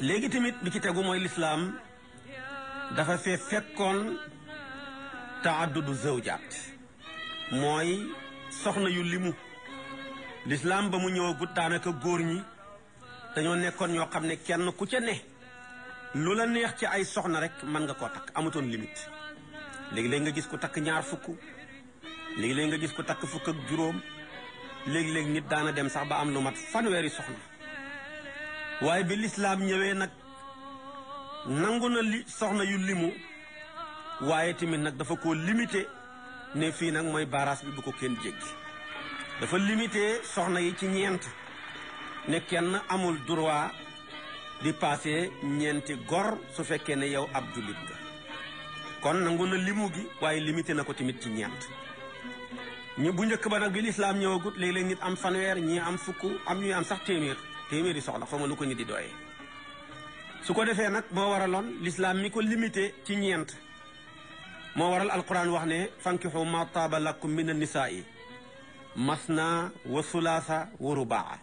léegi tamit bi ci tegu mooy lislaam dafa fee fekkoon taaddudu zawjaat mooy soxna yu limu lislaam ba mu ñëw ñëwagut daanaka góor ñi dañoo nekkoon ñoo xam ne kenn ku ca ne lu la neex ci ay soxna rek mën nga koo takk amutoon limit léegi léeg nga gis ku takk ñaar fukk léegi léeg nga gis ku takk fukk ak juróom léeg léegi nit daana dem sax ba am lu mat fanweeri soxna waaye bi lislaam ñëwee nag nangu na li soxna yu limu waaye tamit nag dafa ko limité ne fii nag mooy baraas bi bu ko kenn jéggi dafa limité soxna yi ci ñeent ne kenn amul droit di passé ñeenti gor su fekkee ne yow ab jullit nga kon nangu na limu gi waaye limité na ko tamit ci ñeent ñu bu njëkk ba nag bi lislaam ñëwagut léeg-léeg nit am fanweer ñii am fukk am ñuy am sax téeméer téeméeri soxla xaw ma ko ñu di dooyee su ko defee nag moo waraloon lislaam mi ko limité ci ñeent moo waral alquran wax ne fankixu ma taaba lakum min annisaa'i masna wa sulaasa wa rubaa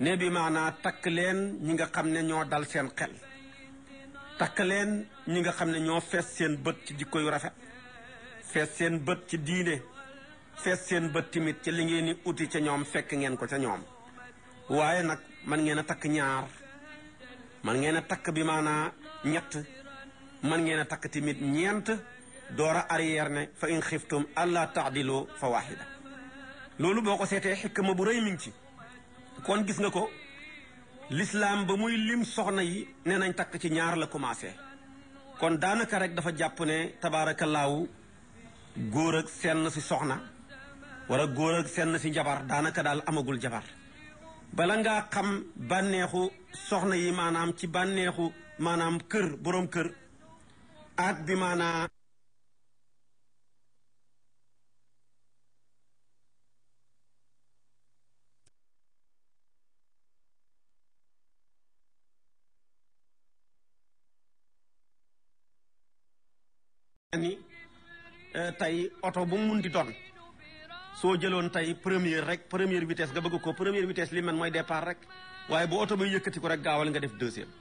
ne bi maanaa takk leen ñi nga xam ne ñoo dal seen xel takk leen ñi nga xam ne ñoo fees seen bët ci jikko yu rafet fees seen bët ci diine fees seen bët timit ci li ngeen di uti ca ñoom fekk ngeen ko ca ñoom waaye nag man ngeen a takk ñaar man ngeen a takk bi maanaa ñett man ngeen a takk tamit ñeent doora a arrière ne fa in xiftum alla taadiloo fa waxida loolu boo ko seetee xikma bu rëy mi ci kon gis nga ko lislaam ba muy lim soxna yi nee nañ takk ci ñaar la commencé kon daanaka rek dafa jàpp ne tabaarakallaahu góor ak senn si soxna wala góor ak senn si jabar daanaka daal amagul jabar bala nga xam bànneexu soxna yi maanaam ci bànneexu maanaam kër boroom kër ak bi maanaa ni eh, tey oto bu mu munti doon soo jëloon tey première rek première vitesse nga bëgg ko première vitesse li man mooy départ rek waaye bu oto bay yëkkati ko rek gaawal nga def deuxième.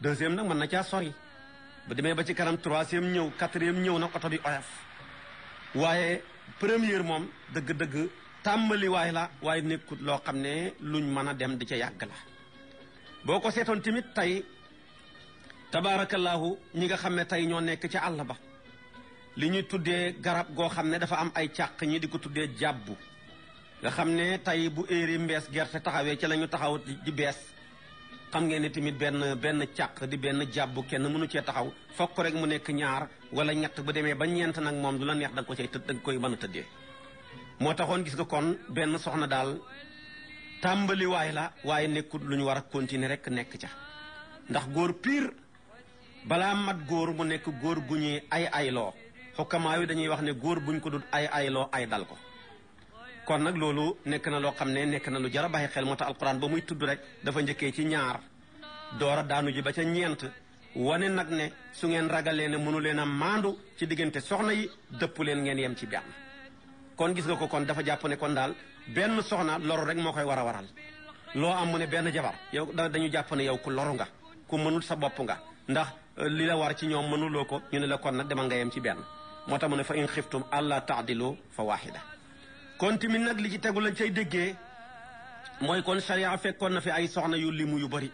deuxième nag mën na caa sori bu demee ba ci kanam troisième ñëw quatrième ñëw nag oto bi oyof waaye première moom dëgg-dëgg tàmbaliwaay la waaye nekkut loo xam ne lu luñ mën a dem di ca yàgg la. boo ko seetoon tamit tey tabaarakallaahu ñi nga xam ne tey ñoo nekk ca àll ba. li ñuy tuddee garab goo xam ne dafa am ay càq ñi di ko tuddee jàbbu nga xam ne tey bu éeri mbees gerte taxawee ci lañu ñu taxaw di bees xam ngeen ne tamit benn benn càq di benn jàbbu kenn mënu cee taxaw fokk rek mu nekk ñaar wala ñett bu demee ba ñeent nag moom du la neex da ko cay tëdd da koy mën a tëddee moo taxoon gis nga kon benn soxna daal tàmbaliwaay la waaye nekkut lu ñu war a continuer rek nekk ca ndax góor piir balaa mat góor mu nekk góor gu ñuy ay ayloo xukkamaa yu dañuy wax ne góor ñu ko dut ay ayloo ay dal ko kon nag loolu nekk na loo xam ne nekk na lu jar a xel moo tax alquran ba muy tudd rek dafa njëkkee ci ñaar doora daanu ji ba ca ñeent wane nag ne su ngeen ragalee ne mënu leen a maandu ci diggante soxna yi dëpp leen ngeen yem ci benn kon gis nga ko kon dafa jàpp ne kon daal benn soxna loru rek moo koy war a waral loo am mu ne benn jabar yow dañu jàpp ne yow ku loru nga ku mënul sa bopp nga ndax eh, li la war ci ñoom mënuloo ko ñu ne la nag demal nga yem ci benn moo tax mu ne fa in xiftum allah taadilu fa waaxida kon tamit nag li tegu lañ cay déggee mooy kon charia fekkoon na fi ay soxna yu limu yu bëri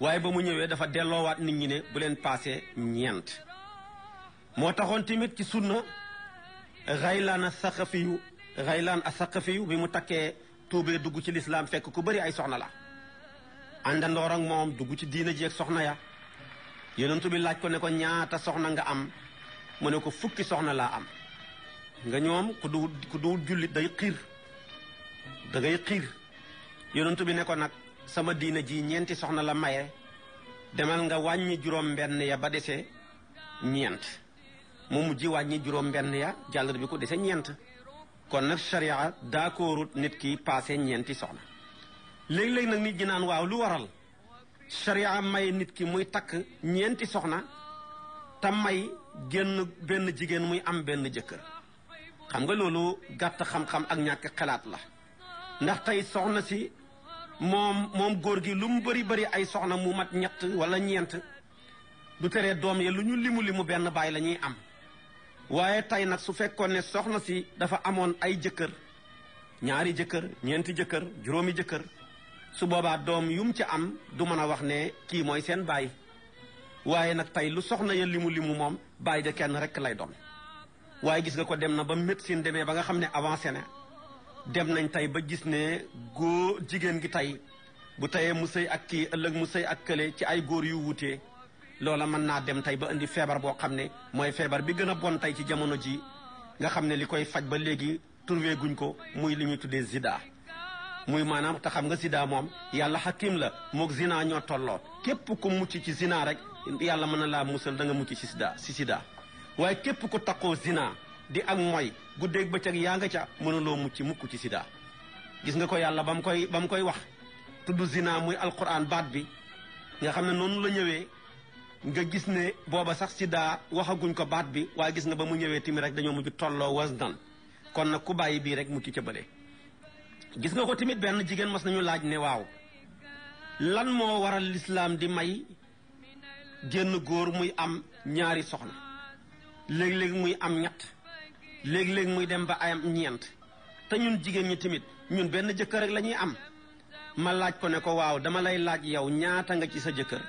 waaye ba mu ñëwee dafa delloowaat nit ñi ne bu leen paasee ñeent moo taxoon tamit ci sunna xaylaan a saqafiyu xaylaan a saqafiyu bi mu takkee tuubee dugg ci lislaam fekk ku bari ay soxna la àndandoor ak moom dugg ci diina ji soxna ya yonentu bi laaj ko ne ko ñaata soxna nga am mu ne ko fukki soxna laa am nga ñoom ku duwul ku jullit day xiir dangay xiir yonentu bi ne ko nag sama diina ji ñeenti soxna la maye demal nga wàññi juróom benn ya ba desee ñeent mu mujj wàññi juróom benn ya jàllar ku ko ñeent kon nag sharia daakoorut nit ki passé ñeenti soxna léegi-léegi nag nit ñi naan waaw lu waral sharia may nit ki muy takk ñeenti soxna te may génn benn jigéen muy am benn jëkkër xam nga loolu gàtt xam-xam ak ñàkk xalaat la ndax tey soxna si moom moom góor gi lu mu bari bëri ay soxna mu mat ñett wala ñeent du teree doom yi lu ñu limu limu benn baay lañuy am waaye tey nag su fekkoon ne soxna si dafa amoon ay jëkkër ñaari jëkkër ñeenti jëkkër juróomi jëkkër su boobaa doom yu ci am du mën a wax ne kii mooy seen baay waaye nag tey lu soxna ya limu limu moom bàyyi de kenn rek lay doon waaye gis nga ko dem na ba médecine demee ba nga xam ne avancé na dem nañ tey ba gis ne góor jigéen gi tey bu teyee mu sëy ak kii ëllëg mu sëy ak kële ci ay góor yu wutee loola mën naa dem tey ba indi feebar boo xam ne mooy feebar bi gën a bon tey ci jamono ji nga xam ne li koy faj ba léegi trouvé guñ ko muy li ñuy tuddee sida muy maanaam te xam nga sida moom yàlla xakim la moog zina ñoo tolloo képp ku mucc ci zina rek yàlla mën na laa musal da nga mucc si sida si sida waaye képp ku takkoo zina di ak mooy guddeeg bëccëg yaa nga ca mënuloo mucc mukk ci sida gis nga ko yàlla ba mu koy ba mu koy wax tudd zina muy alquran baat bi nga xam ne noonu la ñëwee nga gis ne booba sax sida waxaguñ ko baat bi waaye gis nga ba mu ñëwee timi rek dañoo mujj tolloo wasdan kon na ku bàyyi bii rek mucc ca bële gis nga ko tamit benn jigéen mas nañu laaj ne waaw lan moo waral lislaam di may génn góor muy am ñaari soxna léeg-léeg muy am ñett léeg-léeg muy dem ba ayam ñeent te ñun jigéen ñi tamit ñun benn jëkkër rek la am ma laaj ko ne ko waaw dama lay laaj yow ñaata nga ci sa jëkkër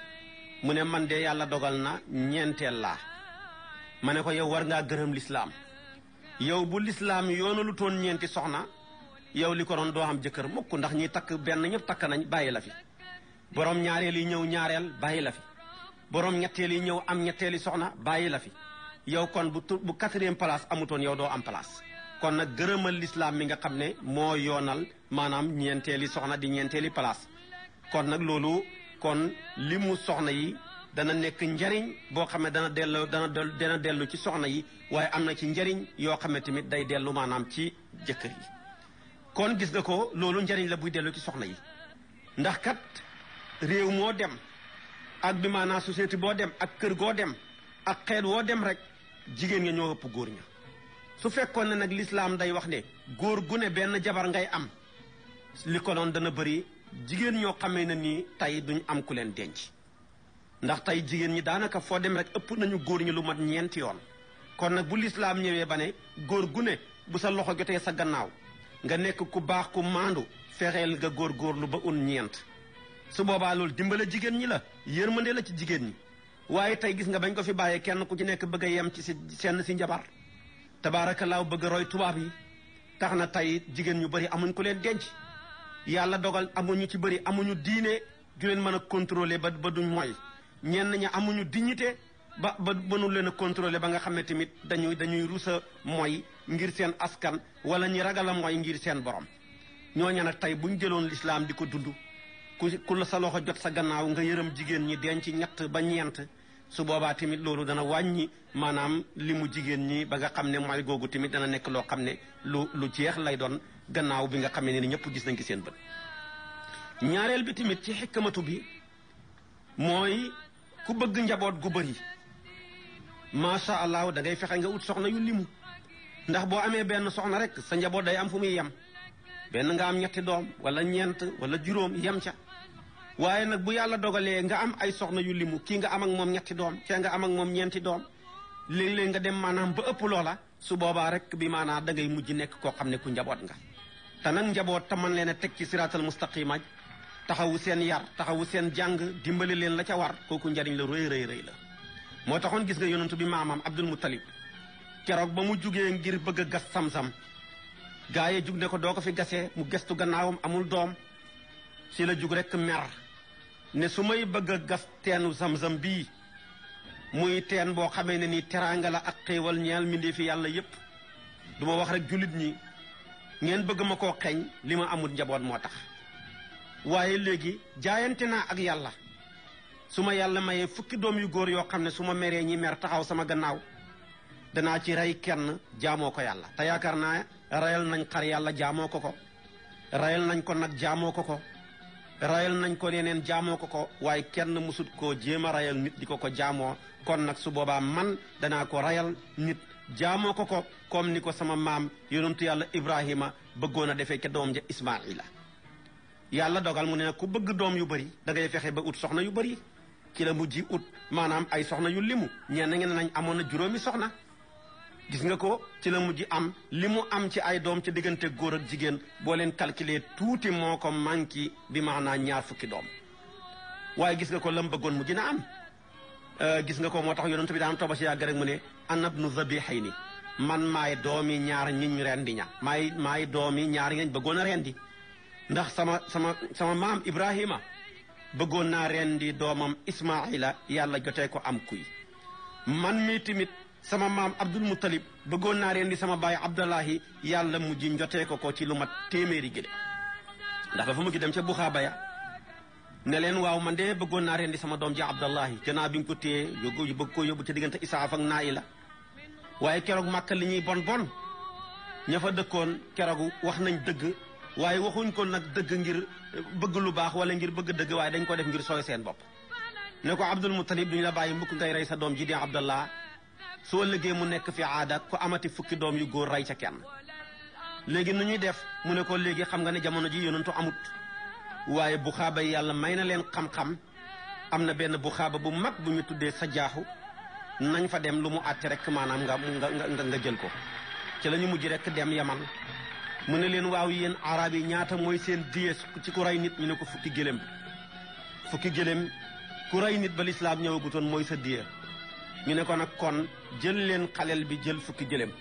mu ne man de yàlla dogal na ñeenteel laa ma ne ko yow war ngaa gërëm lislaam yow bu lislaam yoona lu toon ñeenti soxna yow li ko doon doo xam jëkkër mukk ndax ñi takk benn ñëpp takk nañ bàyyi la fi borom ñaareel yi ñëw ñaareel bàyyi la fi boroom ñetteel yi ñëw am ñetteeli soxna bàyyi la fi yow kon bu tu bu quatrième place amutoon yow doo am place kon nag gërëmal lislaam mi nga xam ne moo yoonal maanaam ñeenteeli soxna di ñeenteeli place kon nag loolu kon li mu soxna yi dana nekk njariñ boo xam ne dana dellu dana dellu ci soxna yi waaye am na ci njariñ yoo xam ne tamit day dellu maanaam ci jëkkër yi kon gis nga ko loolu njariñ la buy dellu ci soxna yi ndax kat réew moo dem ak bi maanaa société boo dem ak kër goo dem ak xeet woo dem rek jigéen ña ñoo ëpp góor ña su fekkoon ne nag lislaam day wax ne góor gu ne benn jabar ngay am li ko doon dana bëri jigéen ñoo xamee na nii tey duñu am ku leen denc ndax tey jigéen ñi daanaka foo dem rek ëpp nañu góor ñi lu mat ñeenti yoon kon nag bu lislaam ñëwee ba ne góor gu ne bu sa loxo jotee sa gannaaw nga nekk ku baax ku maandu fexeel nga góor góorlu ba un ñeent su boobaa loolu dimbale jigéen ñi la yërmande la ci jigéen ñi waaye tey gis nga bañ ko fi bàyyee kenn ku ci nekk bëgg a yem ci si seen si njabar tabaarakallaahu bëgg roy tubaab yi tax na tey jigéen ñu bëri amuñ ko leen denc yàlla dogal amuñu ci bëri amuñu diine ju leen mën a contrôler ba ba moy mooy ñenn ñi amuñu dignité ba ba mënul leen a contrôler ba nga xam ne tamit dañuy dañuy rusa mooy ngir seen askan wala ñi ragal a mooy ngir seen borom ñoo ñooñu nag tey buñ jëloon lislaam di ko dund ku ku la sa loxo jot sa gannaaw nga yërëm jigéen ñi denc ñett ba ñeent su boobaa tamit loolu dana wàññi maanaam li mu jigéen ñi ba nga xam ne mooy googu tamit dana nekk loo xam ne lu lu jeex lay doon gannaaw bi nga xamee ne ñëpp gis na ci seen bët. ñaareel bi tamit ci xikkamatu bi mooy ku bëgg njaboot gu bëri macha allah dangay fexe nga wut soxna yu limu ndax boo amee benn soxna rek sa njaboot day am fu muy yem benn nga am ñetti doom wala ñeent wala juróom yem ca. waaye nag bu yàlla dogalee nga am ay soxna yu limu kii nga am ak moom ñetti doom kee nga am moom ñeenti doom léeg-léeg nga dem maanaam ba ëpp loola su boobaa rek bi maanaa da ngay mujj nekk koo xam ne ku njaboot nga te nan njaboot te leen a teg ci siraatal mustaqima taxawu seen yar taxawu seen jàng dimbali leen la ca war kooku njariñ la rëy rëy rëy la moo taxoon gis nga yonentu bi maamam Abdul Muttalib keroog ba mu jugee ngir bëgg a gas sam-sam yi jug ne ko doo fi gasee mu gestu gannaawam amul doom si la jug rek mer ne su may bëgg gas teenu samsam bii muy teen boo xamee ne nii teraangala ak xéewal ñeel mbindéef fi yàlla yépp du ma wax rek jullit ñi ngeen bëgg ma koo xeeñ li ma amul njaboot moo tax waaye léegi jaayante naa ak yàlla su ma yàlla mayee fukki doom yu góor yoo xam ne su ma meree ñi mer taxaw sama gannaaw danaa ci rey kenn jaamoo ko yàlla te yaakaar naa reyal nañ xar yàlla jaamoo ko ko reyal nañ ko nag jaamoo ko ko rayal nañ ko neneen jaamoo ko ko waaye kenn musut koo jéem a rayal nit di ko ko jaamoo kon nag su boobaa man danaa ko rayal nit jaamoo ko ko comme ni ko sama maam yonentu yàlla Ibrahima bëggoon a defee ca doom ja Ismaila yàlla dogal mu ne nag ku bëgg doom yu bëri da ngay fexe ba ut soxna yu bëri ci la mujj ut maanaam ay soxna yu limu ñenn ngeen nañ amoon na juróomi soxna gis nga ko ci la mujj am li mu am ci ay doom ci diggante góor ak jigéen boo leen calculer tuuti moo ko manqué bi ma naa ñaar fukki doom waaye gis nga ko lam bëggoon mujj na am euh, gis nga ko moo tax yonent bi daan toba si yàgg rek mu ne anab nu zabihayni man maay doomi ñaar ñiñ rendi ña maay maay doomi ñaar ñañ bëggoon a rendi ndax sama sama sama maam ibrahima bëggoon naa rendi doomam ismaila yàlla jotee ko am kuy man mi timit sama maam Abdul Muttalib bëggoon naa rendi sama baay Abdallahi yàlla mujj njotee ko ko ci lu mat téeméeri gi de ndax dafa mujj dem ca buxaaba ya ne leen waaw man de bëggoon naa rendi sama doom ji Abdallahi gannaaw bi nga ko téye yóbbu bëgg koo yóbbu ca diggante Isaaf ak Naayila waaye keroog Màkka li ñuy bon bon ña fa dëkkoon keroog wax nañ dëgg waaye waxuñ ko nag dëgg ngir bëgg lu baax wala ngir bëgg dëgg waaye dañ ko def ngir sooy seen bopp ne ko Abdul Muttalib duñu la bàyyi mbukk ngay rey sa doom ji di Abdallah su ëllëgee mu nekk fi aada ku amati fukki doom yu góor rey ca kenn léegi nu ñuy def mu ne ko léegi xam nga ne jamono ji yonentu amut waaye bu xaaba yàlla may na leen xam-xam am na benn bu xaaba bu mag bu ñu tuddee sa jaaxu nañ fa dem lu mu àtte rek maanaam nga nga nga jël ko ci lañu mujj rek dem yaman mu ne leen waaw yéen arab yi ñaata mooy seen diye ci ku rey nit ñu ne ko fukki gëléem fukki gëléem ku rey nit ba lislaam ñëwagutoon mooy sa diye ñu ne ko nag kon jël leen xalel bi jël fukki jëlem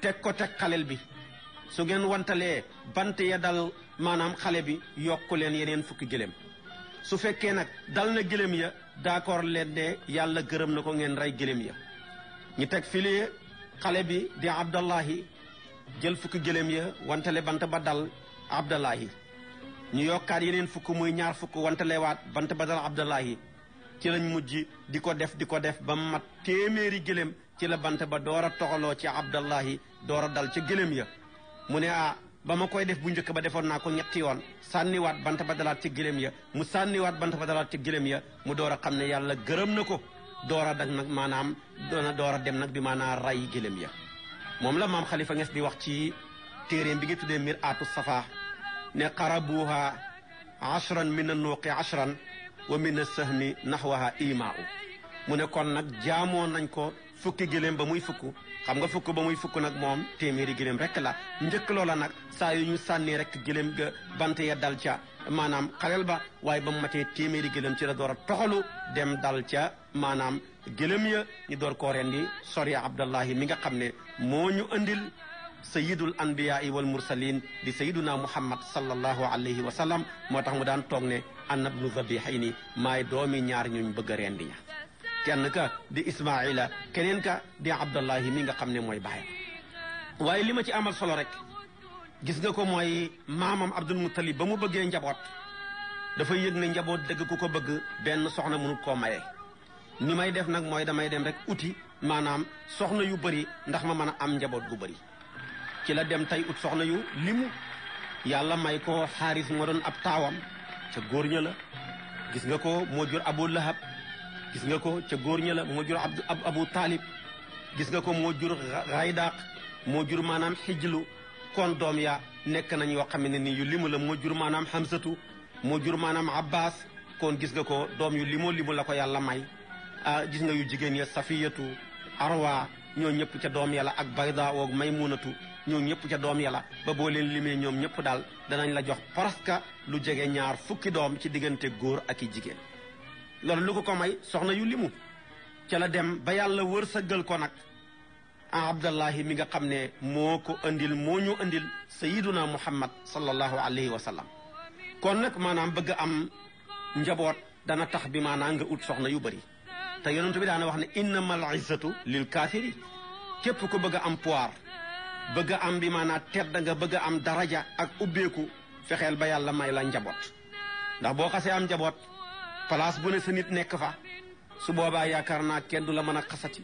teg ko teg xalel bi su ngeen wantalee bant ya dal maanaam xale bi yokku leen yeneen fukki gëléem su fekkee nag dal na gëléem ya d'accord leen ne yàlla gërëm na ko ngeen rey gëléem ya ñu teg filie xale bi di abdallahi jël fukki gëléem ya wantale bant ba dal abdallahi ñu yokkaat yeneen fukk muy ñaar fukk wantalewaat bant ba dal abdallahi ci lañ mujj di ko def di ko def ba mat téeméeri gëléem ci la bant ba door a toxaloo ci abdallahi door a dal ca gëléem ya mu ne ah ba ma koy def bu njëkk ba defoon naa ko ñetti yoon sànniwaat bant ba dalaat ci gëléem ya mu sànniwaat bant ba dalaat ci gëléem ya mu door a xam ne yàlla gërëm na ko door a dag nag maanaam doona door a dem nag bi maanaam ray gëléem ya moom la maam xalifa nges di wax ci téeréem bi nga tuddee mir aatu safa ne xarabuha ashran min a nuuqi ashran wa mi sahmi naxwaha imaa mu ne kon nag jaamoon nañ ko fukki giléem ba muy fukk xam nga fukk ba muy fukk nag moom téeméeri giléem rek la njëkk loola nag saa yu ñu sànni rek giléem ga bant ya dal ca maanaam xalel ba waaye ba mu matee téeméeri giléem ci la door a toxalu dem dal ca maanaam giléem ya ñu door koo rendi sori abdallahi mi nga xam ne moo ñu andil sayidul anbiyaa wal mursalin di sayiduna muhammad sallallahu alayhi wa sallam moo tax mu daan toog ne ana bnu ni maay doomi ñaar ñu bëgg a rendi ña kenn ka di ismaila keneen ka di abdallahi ni nga xam ne mooy baay waaye li ma ci amal solo rek gis nga ko mooy maamam abdul muttalib ba mu bëggee njaboot dafay yëg ne njaboot dëgg ku ko bëgg benn soxna mënut koo maye ni may def nag mooy damay dem rek uti maanaam soxna yu bëri ndax ma mën a am njaboot gu bari ci la dem tey ut soxna yu limu yàlla may ko xaaris moo doon ab taawam ca góor ña la gis nga ko moo jur abu lahab gis nga ko ca góor ña la moo jur abdu abu taalib gis nga ko moo jur xaydaaq moo jur maanaam xijlu kon doom ya nekk nañ yoo xam ne ni yu limu la moo jur maanaam xamsatu moo jur maanaam abbas kon gis nga ko doom yu limoo limu la ko yàlla may ah gis nga yu jigéen ya safiyatu arwa ñoo ñëpp ca doom yàlla ak bayda may maymunatu ñoo ñëpp ca doom yàlla ba boo leen limee ñoom ñëpp daal danañ la jox presque lu jege ñaar fukki doom ci diggante góor ak i jigéen loolu lu ko ko may soxna yu limu ca la dem ba yàlla wër sa wërsëgal ko nag ah abdallahi mi nga xam ne moo ko andil moo ñu andil sayiduna muhammad sallallahu alayhi wa sallam kon nag maanaam bëgg am njaboot dana tax bi maanaam nga ut soxna yu bëri te yonentu bi daana wax ne innamal izzatu lil kaafiri képp ko bëgg am pouvoir bëgg a am bi maanaa tedd nga bëgg a am daraja ak ubbeeku fexeel ba yàlla may la njaboot ndax boo xasee am njaboot place bu ne sa nit nekk fa su boobaa yaakaar naa kenn du la mën a xasati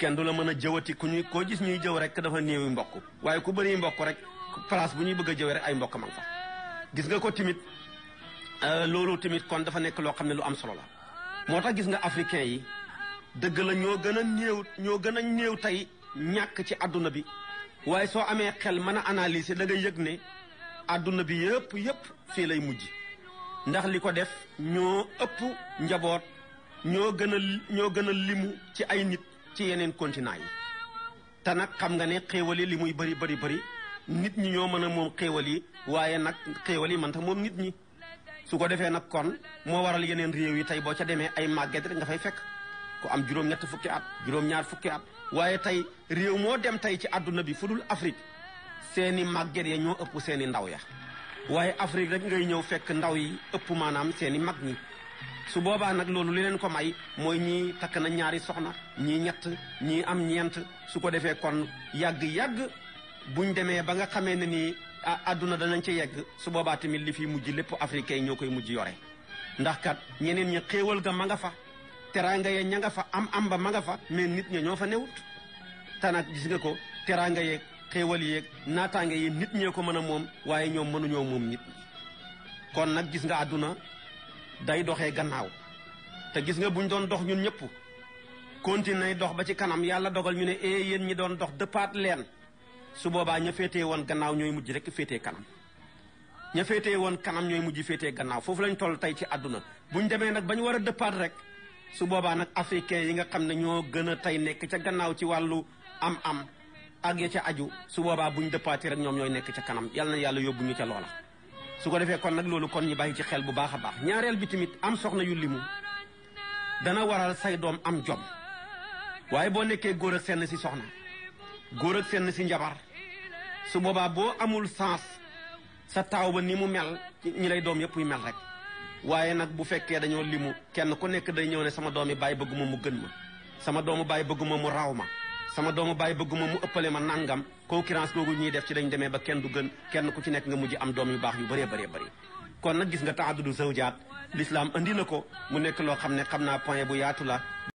kenn du la mën a jëwati ku ñuy koo gis ñuy jëw rekk dafa néewi mbokk waaye ku bëri mbokk rek place bu ñuy bëgg a jëwee rek ay mbokk ma nga fa gis nga ko timit euh, loolu timit kon dafa nekk loo xam ne lu am solo la moo tax gis nga africain yi dëgg la ñoo gën a néew ñoo gën a ñéew tey ñàkk ci àdduna bi waaye soo amee xel mën a analyser da nga yëg ne àdduna bi yëpp yëpp fii lay mujj ndax li ko def ñoo ëpp njaboot ñoo gën a ñoo gën a limu ci ay nit ci yeneen continent yi te nag xam nga ne xéewal yi li muy bëri bari bëri nit ñi ñoo mën a moom xéewal yi waaye nag xéewal yi mënta moom nit ñi su ko defee nag kon moo waral yeneen réew yi tey boo ca demee ay màgget rek nga fay fekk ku am juróom-ñett fukki at juróom-ñaar fukki at waaye tey réew moo dem tey ci àdduna bi fu dul Afrique seeni màgget ya ñoo ëpp seeni ndaw ya waaye Afrique rek ngay ñëw fekk ndaw yi ëpp maanaam seeni mag ñi su boobaa nag loolu li leen ko may mooy ñii takk na ñaari soxna ñii ñett ñii am ñeent su ko defee kon yàgg-yàgg buñ demee ba nga xamee ne nii a àdduna danañ ci yegg su boobaa tamit li fi mujj lépp africain ñoo koy mujj yore ndax kat ñeneen ñi xéewal ga ma nga fa teraanga ya ña nga fa am am ba ma nga fa mais nit ña ñoo fa newut te nag gis nga ko teraanga yeeg xéewal yeeg naataange yi nit ñee ko mën a moom waaye ñoom mënuñoo moom nit kon nag gis nga àdduna day doxe gannaaw te gis nga buñ doon dox ñun ñëpp continuer dox ba ci kanam yàlla dogal ñu ne eh yéen ñi doon dox dëppaat leen su boobaa ña féetee woon gannaaw ñooy mujj rek féetee kanam ña féetee woon kanam ñooy mujj féetee gannaaw foofu lañ toll tey ci àdduna buñ demee nag ba ñu war a dëppaat rek su boobaa nag africain yi nga xam ne ñoo gën a tey nekk ca gannaaw ci wàllu am-am ak ya ca aju su boobaa bu buñ dëppaati rek ñoom ñooy nekk ca kanam yal na yàlla yóbbu ñu ca loola. su ko defee kon nag loolu kon ñu bàyyi ci xel bu baaxa baax ñaareel bi tamit am soxna yu limu dana waral say doom am jom waaye boo nekkee góor ak si soxna. góor seen fenn si njabar su boobaa boo amul sens sa taaw ba ni mu mel ñi lay doom yëpp yu mel rek waaye nag bu fekkee dañoo limu kenn ku nekk day ñëw ne sama doomi bàyyi bëgguma mu gën ma sama doomu bàyyi bëgguma mu raw ma sama doomu bàyyi bëgguma mu ëppale ma nangam concurrence googu ñuy def ci dañ demee ba kenn du gën kenn ku ci nekk nga mujj am doom yu baax yu bëree bëree bëri kon nag gis nga taaddudu zawjaat l'islam indi na ko mu nekk loo xam ne xam naa point bu yaatu la